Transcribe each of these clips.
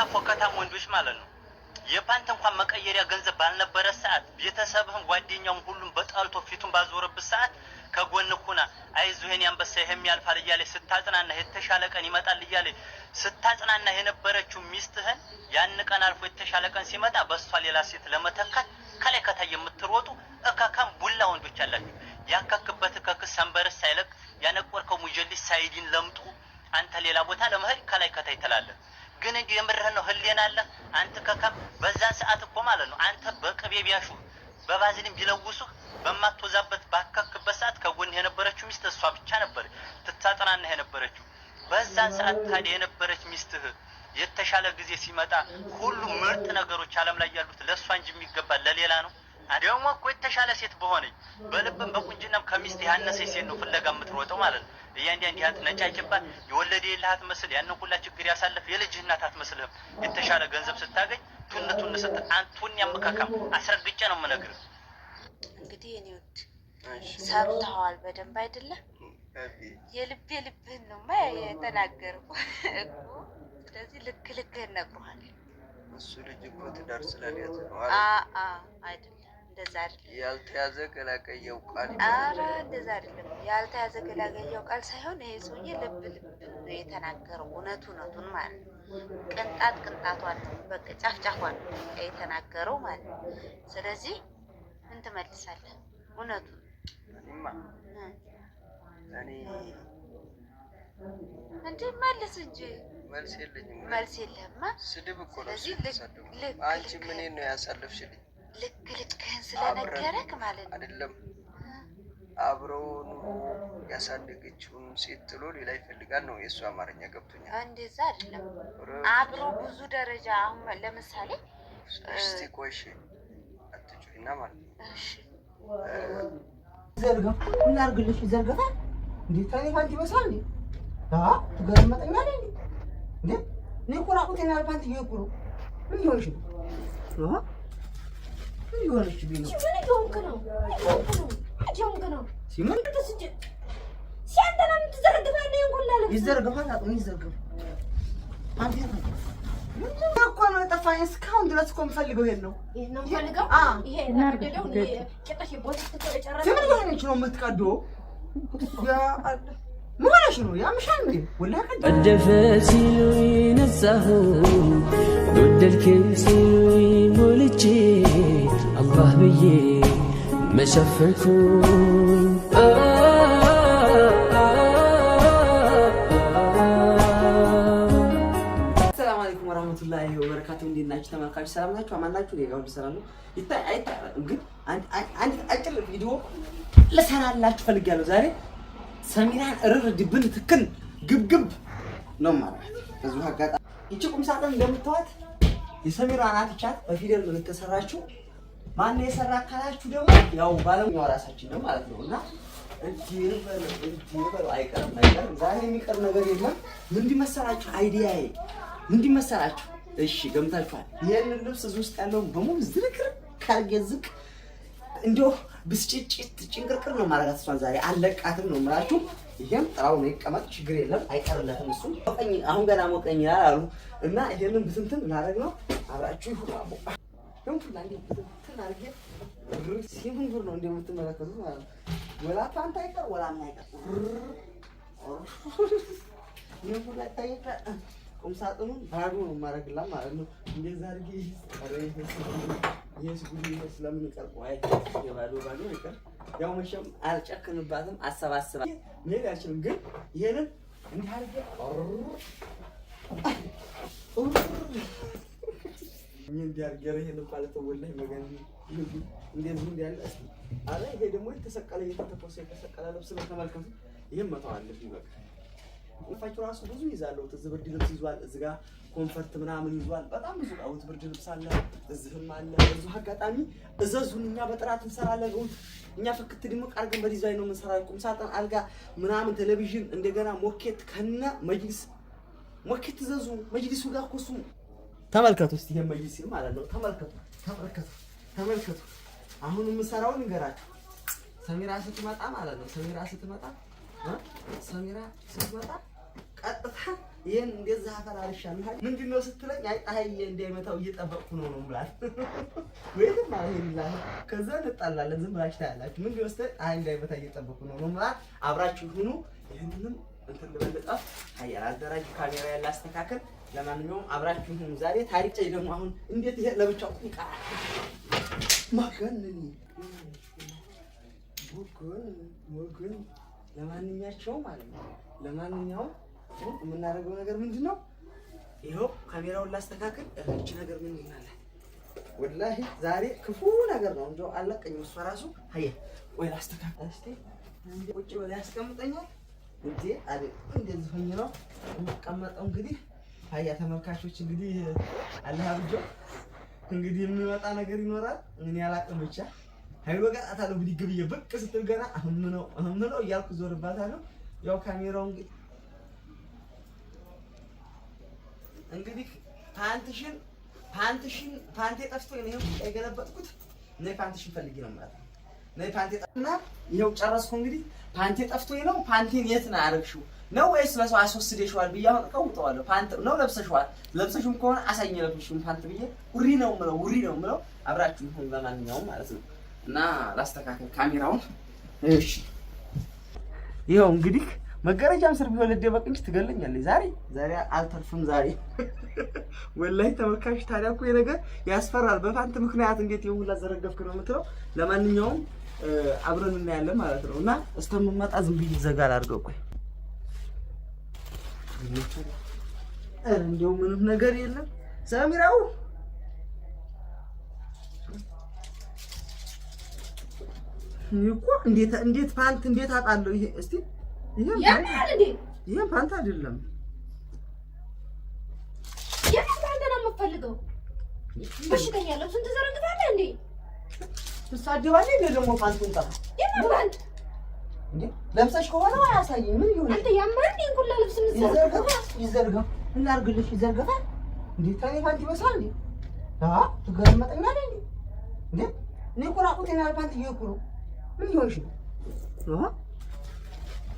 ሌላ ፎከታም ወንዶች ማለት ነው። የፓንት እንኳን መቀየሪያ ገንዘብ ባልነበረ ሰዓት ቤተሰብህን ጓደኛውም ሁሉም በጣልቶ ፊቱን ባዞረበት ሰዓት ከጎን ኩና አይዞህን ያንበሳ ይህም ያልፋል እያለ ስታጽናና የተሻለ ቀን ይመጣል እያለ ስታጽናና የነበረችው ሚስትህን ያን ቀን አልፎ የተሻለ ቀን ሲመጣ በእሷ ሌላ ሴት ለመተካት ከላይ ከታይ የምትሮጡ እከካም ቡላ ወንዶች አላችሁ። ያከክበት እከክ ሰንበርስ ሳይለቅ ያነቆርከው ሙጀሊስ ሳይዲን ለምጡ አንተ ሌላ ቦታ ለመሄድ ከላይ ከታይ ትላለህ። ግን እንዲሁ የምርህን ነው ህሌና አለ አንተ ከካም በዛን ሰዓት እኮ ማለት ነው አንተ በቅቤ ቢያሹ በባዝንም ቢለውሱ በማትወዛበት ባካክበት ሰዓት ከጎን የነበረችው ሚስት እሷ ብቻ ነበረች ትታጠናና የነበረችው። በዛን ሰዓት ታዲያ የነበረች ሚስትህ የተሻለ ጊዜ ሲመጣ ሁሉ ምርጥ ነገሮች ዓለም ላይ ያሉት ለእሷ እንጂ የሚገባ ለሌላ ነው። ደግሞ እኮ የተሻለ ሴት በሆነች በልብም በቁንጅናም ከሚስት ያነሰ ሴት ነው ፍለጋ የምትሮጠው ማለት ነው። እያንዳንድ ያህት ነጫጭባት የወለደ የለህ አትመስል ያንን ሁላ ችግር ያሳለፍ የልጅህ እናት አትመስልህም። የተሻለ ገንዘብ ስታገኝ ቱን ቱን ስትል አንቱን ያምካካም አስረግጬ ነው የምነግርህ። እንግዲህ እኔ ወድ ሰምተዋል በደንብ አይደለም የልብ ልብህን ነው ማ የተናገርኩ እኮ ስለዚህ ልክ ልክህን ነግሮሃል። እሱ ልጅ እኮ ትዳር ስለያዘ ነው አይደለም እንደዛ አይደለም። ያልተያዘ ገላገየው ቃል አረ እንደዛ አይደለም። ያልተያዘ ገላገየው ቃል ሳይሆን ይሄ ሰውዬ ልብ ልብ ነው የተናገረው። እውነቱ እውነቱን ማለት ነው። ቅንጣት ቅንጣቷን በቃ ጫፍ ጫፏን የተናገረው ማለት ነው። ስለዚህ ምን ትመልሳለህ? እውነቱ እኔማ እኔ እንዴ መልስ እንጂ መልስ የለኝም። መልስ የለህማ። ስድብ እኮ ነው። ስለዚህ ልክ ልክ አንቺ ምን ነው ያሳለፍሽልኝ ልክ ልትክህን ስለነገረክ ማለት ነው አይደለም። አብሮ ኑሮ ያሳደገችውን ሴት ጥሎ ሌላ ይፈልጋል ነው የእሱ አማርኛ ገብቶኛል። እንደዛ አይደለም አብሮ ብዙ ደረጃ አሁን ለምሳሌ እስቲ ቆይሽ እሺ፣ ማለት ነው እሺ። ዘርጋ ምን አርግልሽ ዘርጋ እንዴት ታኔ ባንት ይመስላል እንዴ? አ ትገርመጠኛል እንዴ? እንዴ እኔ እኮ ራቁቴን አልባንት ነው ምን ይሆንሽ? አሃ የሆነች ቢሆን ምን እየሆንክ ነው? እየሆንክ ነው ሲምን ሲያንተና የምትዘረግፋለ ይንኩላለ ይዘርግፋል አቅም ይዘርግፋል። ምንድን እኮ ነው የጠፋኝ? እስካሁን ድረስ እኮ የምፈልገው ይሄን ነው። ምን ሆነች ነው የምትቀዶ መሆነሽ ነው ያምሻል ነው ወላ ቀደፈ ሲሉ ነጻሁ ወደድክም ሲሉ ሞልቼ አላህ ብዬ መሸፈኩኝ ወራህመቱላሂ ወበረካቱ እንዴት ናችሁ ተመልካች? ሰላም ናችሁ? አማናችሁ? እኔ ጋር ሁሉ ሰላም ነው። ይታይ አይታረም፣ ግን አንድ አጭር ቪዲዮ ልሰራላችሁ ፈልጌያለሁ ዛሬ ሰሚራን እርር ድብን ትክን ግብግብ ነው ማለት እዚሁ አጋጣሚ ይቺ ቁም ሳጥን እንደምታዋት የሰሚራ ናት። ይቻት በፊደል ምን ተሰራችሁ ማን የሰራ አካላችሁ ደግሞ ያው ባለሙያው ራሳችን ነው ማለት ነው። እና እጅን በል አይቀርም ነገር ዛሬ የሚቀር ነገር የለም። ምን ቢመሰላችሁ አይዲያዬ ምን ቢመሰላችሁ? እሺ ገምታችኋል። ይህንን ልብስ እዚህ ውስጥ ያለውን በሙሉ ዝርክር ካልጌ ዝቅ እንዲሁ ብስጭጭት ጭንቅርቅር ነው ማረጋት። እሷን ዛሬ አለቃትም ነው ምላችሁ። ይሄም ጥራው ነው ይቀመጥ፣ ችግር የለም አይቀርለትም። እሱ ሞቀኝ፣ አሁን ገና ሞቀኝ ይላል አሉ እና ይሄንን ብትንትን እናደርግ ነው። አብራችሁ ይሁኑ። አቦ ደምቱና ሲምንጉር ነው እንደምትመለከቱ ማለት ነው። ወላ ፓንታ አይቀር ወላ አይቀር ቁምሳጥኑን ባዶ ነው የማደርግላት ማለት ነው። እንደዛ አድርጌ ይህስ ጉድ ስለምንቀርቆ ያው መቼም አልጨክንባትም፣ አሰባስባ መሄድ አልችልም። ግን ይህንን እንዲህ አድርጌ እንዲህ አድርጌ ይህን ማለት ወላሂ መገን እንደዚህ እንዲህ አለ። ይሄ ደግሞ የተሰቀለ እየተተኮሰ የተሰቀለ ልብስ ነው። ተመልከቱ። ይህም መተዋለፍ ይበቃል። ቁልፋቸው ራሱ ብዙ ይዛለው። እዚህ ብርድ ልብስ ይዟል፣ እዚህ ጋር ኮንፈርት ምናምን ይዟል። በጣም ብዙ ቃውት ብርድ ልብስ አለ፣ እዚህም አለ። እዚሁ አጋጣሚ እዘዙን፣ እኛ በጥራት እንሰራለን። ውት እኛ ፍክት ድምቅ ቃርገን በዲዛይን ነው የምንሰራ። ቁምሳጥን፣ አልጋ ምናምን፣ ቴሌቪዥን፣ እንደገና ሞኬት ከነ መጅሊስ ሞኬት እዘዙ። መጅሊሱ ጋር እኮ እሱ ተመልከቱ እስቲ ይሄ መጅሊስ ማለት ነው። ተመልከቱ፣ ተመልከቱ፣ ተመልከቱ። አሁን የምሰራውን ንገራችሁ። ሰሚራ ስትመጣ ማለት ነው። ሰሚራ ስትመጣ ሰሚራ ስትመጣ ቀጥታ ይህን እንደዚህ አፈላልሻለሁ። ምንድን ነው ስትለኝ፣ አይ ፀሐይዬ እንዳይመታው እየጠበቅኩ ነው ነው ብላት ወይም አልሄድላ። ከዛ እንጣላለን፣ ዝም ብላችሁ ታያላችሁ። ምንድን ነው ስትለኝ፣ ፀሐይ እንዳይመታ እየጠበቅኩ ነው ነው ብላት። አብራችሁ ሁኑ። ይህንንም እንትን ልበልጣፍ ሀያል አደራጅ ካሜራ ያለ አስተካከል። ለማንኛውም አብራችሁ ሁኑ። ዛሬ ታሪክ ጨይ ደግሞ አሁን እንዴት ይሄ ለብቻው ይቀራል? ማገነን ወገን ወገን ለማንኛቸው ማለት ነው ለማንኛውም የምናደርገው ነገር ምንድን ነው? ይኸው ካሜራውን ላስተካክል። እቺ ነገር ምንድን አለ? ወላሂ ዛሬ ክፉ ነገር ነው እንጂ አለቀኝ። እሷ ራሱ ሀየ ወይ ላስተካክል። እስቲ ቁጭ ብላ ያስቀምጠኛል እንዴ? አለ እንደዚህ ሆኜ ነው የምቀመጠው። እንግዲህ ሀያ ተመልካቾች፣ እንግዲህ አለህ አብጆ እንግዲህ የሚመጣ ነገር ይኖራል። ምን ያላቅም ብቻ ሀይሎ ጋር አታለው ብድግ ብዬ ብቅ ስትል ገና አሁን ነው እያልኩ ዞርባታለሁ። ያው ካሜራው እንግዲህ እንግዲህ ፓንትሽን ፓንትሽን ፓንቴ ጠፍቶ ነው የገለበጥኩት። ነይ ፓንትሽን ፈልጊ ነው ማለት ነይ ፓንቴ ጠፍና ይኸው ጨረስኩ። እንግዲህ ፓንቴ ጠፍቶ ነው። ፓንቴን የት ነው አደረግሽው? ነው ወይስ ለሰው አስወስደሽዋል ብዬ አሁን እቀውጠዋለሁ። ፓንት ነው ለብሰሽዋል። ለብሰሽም ከሆነ አሳኝ የለብሽም ፓንት ብዬ ውሪ ነው ምለው፣ ውሪ ነው ምለው። አብራችሁ ይሁን ለማንኛውም ማለት ነው። እና ላስተካከል ካሜራውን። እሺ ይኸው እንግዲህ መጋረጃም ስር ቢሆን ልደበቅ እንጂ ትገለኛለች። ዛሬ ዛሬ አልተርፍም። ዛሬ ወላይ ተመካሽ። ታዲያ እኮ ነገር ያስፈራል። በፋንት ምክንያት እንዴት የሁላ ዘረገፍክ ነው የምትለው። ለማንኛውም አብረን እናያለን ማለት ነው እና እስከምመጣ ዝም ብዬ ዘጋ አድርገው። ቆይ እንዲያው ምንም ነገር የለም ሰሚራው እኮ እንዴት እንዴት ፓንት እንዴት አጣለሁ ይሄ እስቲ ይህም ፓንት አይደለም። የምን ፓንት ነው የምትፈልገው? በሽተኛ ልብሱን ትዘረግታለህ እንዴ? ትሳደባለህ። እኔ ደግሞ ፓንቱን ጠፋ። የምን ፓንት ለብሰሽ ከሆነ አያሳይም። ምን ይሁን አንተ ያማን እንኩላ ልብስ ምዘርጋ ይዘርጋ እናርግልሽ ይዘርጋታል። እንዴት ታኔ ፓንት ይመስላል እንዴ? አ ትገርመጥና አይደል እንዴ? እኔ እኮ ራቁቴን ፓንት ይኩሩ ምን ይሆንሽ? አሃ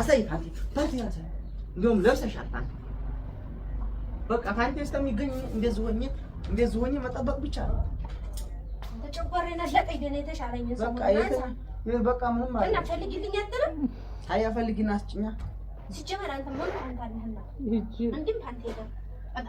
አሳይ ፓንቲ ፓንቲ ለብሰሻል ፓንቲ። በቃ ፓንቲ እስከሚገኝ እንደዚህ ሆኜ እንደዚህ ሆኜ መጠበቅ ብቻ ነው። ተጨጓራዬን አላጠኝ ደህና የተሻለኝ ሰው በቃ ምንም አለ እና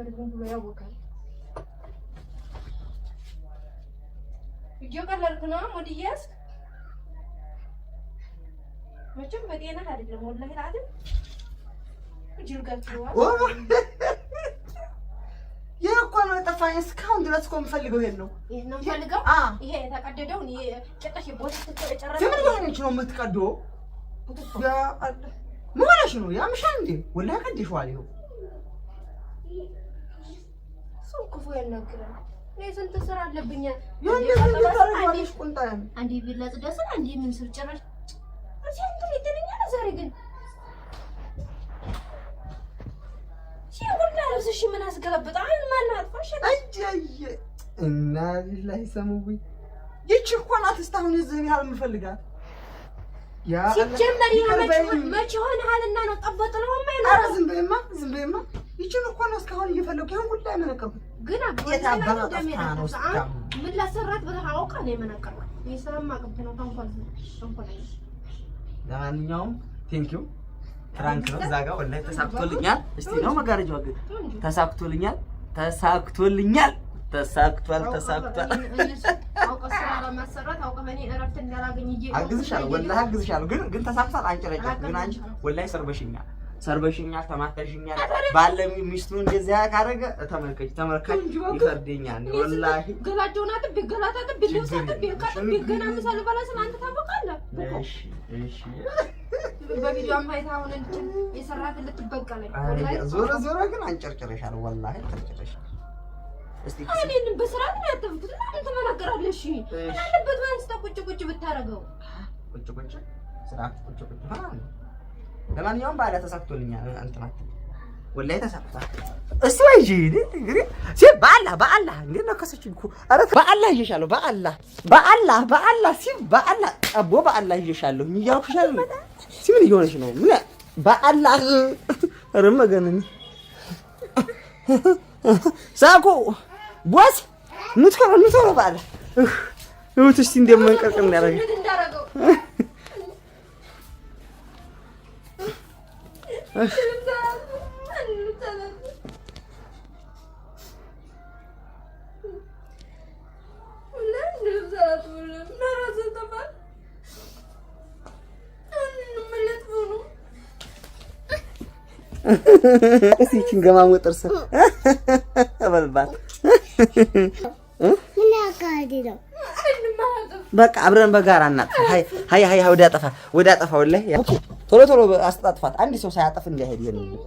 ነገር ዝም ብሎ ያወካል። እየቀለድክ ነው ሙድዬ መቼም በጤናህ አይደለም። ወላሂ አይደል ጅል ገብቶሃል። እስካሁን ድረስ እኮ የምፈልገው ይሄን ነው። ይሄን ነው የምፈልገው። ይሄ የተቀደደውን ነው የምትቀደው? ምን ሆነሽ ነው? ያምሻል እንዴ? ወላሂ ቀደሽዋል ይኸው ሰው ክፉ ያናግራል። እኔ ስንት ስራ አለብኝ። አንዴ ቢላ ጽዳ አንዴ ምን ስል ጭራሽ ዛሬ ግን ሁላለብስሽ ምን አስገለብጣ ማናጥፋሽ እና ላይ ሰሙኝ ይቺ እኮ ናት እስካሁን እዚህ ያህል የምፈልጋት ሲጀመር መች ሆነሃል ነው ጠበጥ ነው ዝም በይማ ዝም በይማ ይችን እኮ ነው እስካሁን እየፈለኩ ይሁን ጉዳይ መነቀርኩት ግን ምን ላሰራት ብለህ አውቃ ነው የመነቀርኩት። ለማንኛውም ዩ ፍራንክ ነው እዛ ጋር ወላሂ ተሳክቶልኛል። እስቲ ነው መጋረጃው ግን ተሳክቶልኛል፣ ተሳክቶልኛል፣ ተሳክቷል፣ ተሳክቷል። አግዝሻለሁ ወላሂ አግዝሻለሁ፣ ግን ግን ተሳክቷል። አንጨረጨ ግን አንቺ ወላሂ ሰርበሽኛል ሰርበሽኛል፣ ተማተሽኛል። ባለ ሚስቱ እንደዚያ ካረገ ተመልከች ተመልከች፣ ይፈርደኛል። ወላሂ ገላቸውን አጥብ፣ ገላታ አጥብ፣ ልብስ አጥቤ ካጥቤ ገና ምሳ ልበላ ስለ አንተ ታበቃለህ። እሺ እሺ፣ የሰራት ዞሮ ዞሮ ግን ነው እና ወንስ ብታረገው ቁጭ ቁጭ ስራት ቁጭ ቁጭ ለማንኛውም ባዳ ተሳክቶልኛል። እንትና ወላሂ ተሳክቷል። እስቲ ወይ ይዤ እንግዲህ ሲል በአላህ በአላህ እንዴት ነከሰችኝ እኮ ኧረ በአላህ ይዤሻለሁ። በአላህ በአላህ በአላህ ሲል በአላህ ጠቦ በአላህ ይዤሻለሁ እያልኩሻል። ሲል ምን እየሆነች ነው? ምን በአላህ ኧረ መገነን ሳቁ ቦስ ኑትከረ ኑትከረ በአላህ እህት እንደመንቀርቅ እንዳረገ እስኪ ይህቺን ጥርስ በልባት። በቃ አብረን በጋራ እናጥፋ። ሀይ ሀይ ሀይ ወደ አጠፋ ወደ አጠፋ ወላሂ ቶሎ ቶሎ አስጣጥፋት። አንድ ሰው ሳያጠፍ እንዳይሄድ ይሄን ነው።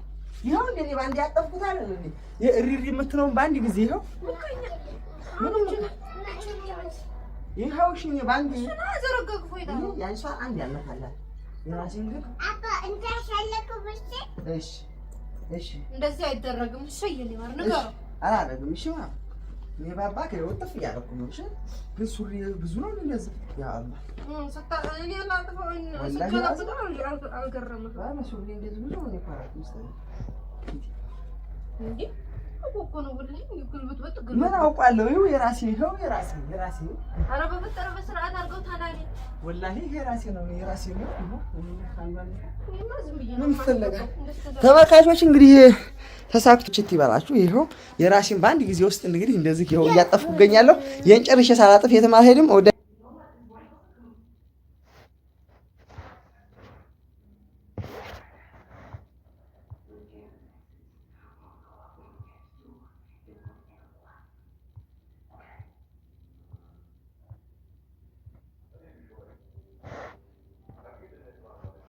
ይኸው እንደ እኔ በአንድ ያጠፍኩት አለ እሪሪ የምትለውን በአንድ ጊዜ ይኸው ይኸው እሺ፣ እኔ በአንድ ያንሷ አንድ ያለፋላት የራሴን ግን እሺ፣ እሺ፣ እንደዚህ አይደረግም። እሺ፣ አላደርግም። እንደዚህ አይደረግም እሺ አላደርግም እሺ እኔ ባባክ ወጥፍ እያደረኩ ነው። እሺ ግን ሱሪ ብዙ ነው እንደዚህ ያ ምን አውቃለሁ። ይኸው የራሴ ይኸው የራሴ የራሴ ኧረ በፈጠረ በስርዓት አድርገው ታላኔ ወላሂ የራሴ ነው የራሴ ነው። ተመልካቾች እንግዲህ ተሳክቶችት ይበላችሁ። ይኸው የራሴን በአንድ ጊዜ ውስጥ እንግዲህ እንደዚህ ይኸው እያጠፍኩ እገኛለሁ። ይህን ሳላጥፍ የትም አልሄድም።